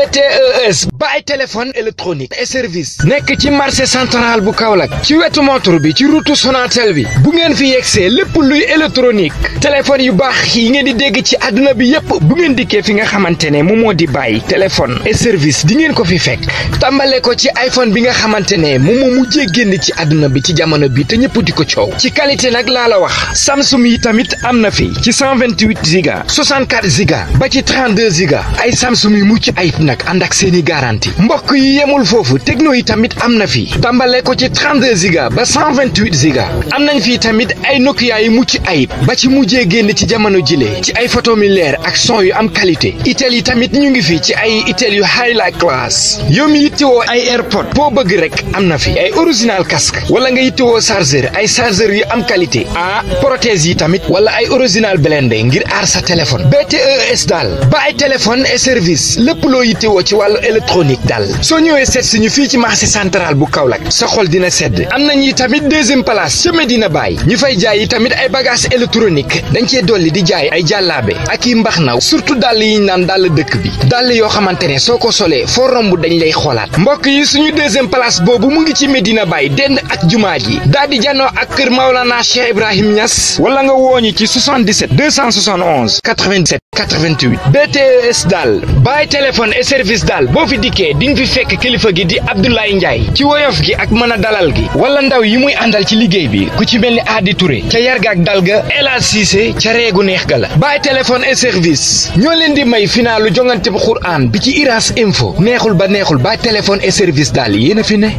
E e ba ay téléphone électronique et service nekk ci marché central bu Kaolack ci wetu montre bi ci route Sonatel bi bu ngeen fi yegsee lépp luy électronique téléphone yu baax yi ngeen di dégg ci àdduna bi yépp bu ngeen dikkee fi nga xamante ne moom moo di bàyyi téléphone et service di ngeen ko fi fekk tàmbalee ko ci iPhone bi nga xamante ne moom moo mujjee génn ci àdduna bi ci jamono bi te ñëpp di ko coow ci qualité nag laa la wax Samsung yi tamit am na fi ci jiga giga 64 giga ba ci 32 giga ay Samsung yu mucc ayib nag ànd ak seeni garantie mbokk yi yemul foofu techno yi tamit am na fi tàmbale ko ci 32 giga ba 128 giga am nañ fii tamit ay Nokia yi mucc ayib ba ci mujjee génn ci jamono le ci ay photo mi ak son yu am qualité itel yi tamit ñu ngi fi ci ay itel yu high la class yow mi yittewoo ay airpod boo bëgg rek am na fi ay original casque wala nga yittewoo chargeur ay chargeur yu am qualité ah prothèse yi tamit wala ay original blende ngir ar sa téléphone BTES daal ba ay yittewoo ci wàllu électronique daal soo ñëwee seet si ñu fii ci marché central bu Kaolack sa xol dina sedd am nañ yi tamit deuxième place ca Medina Baye ñu fay jaay yi tamit ay bagages électronique dañ cee dolli di jaay ay jàllaabe ak yi mbax na surtout dàll yi ñu naan dàll dëkk bi dàll yoo xamante ne soo ko solee foo romb dañ lay xoolaat mbokk yi suñu deuxième place boobu mu ngi ci Medina Baye dend ak jumaa yi daal di janoo ak kër Maolana Cheikh Ibrahim Niass wala nga wooñu ci 77 271 97 88 BTS e daal bàyyi téléphone e service daal boo fi dikkee di nga fi fekk kilifa gi di Abdoulaye Ndiaye ci woyof gi ak mën dalal gi wala ndaw yi muy àndal ci liggéey bi ku ci mel ni Adi Touré ca yarga ak dal ga El Hadj Cissé ca reegu neex ga la bàyyi téléphone et service ñoo leen di may finaalu jongante bu Xuraan bi ci Iras info neexul ba neexul bàyyi téléphone et service daal yéen a fi ne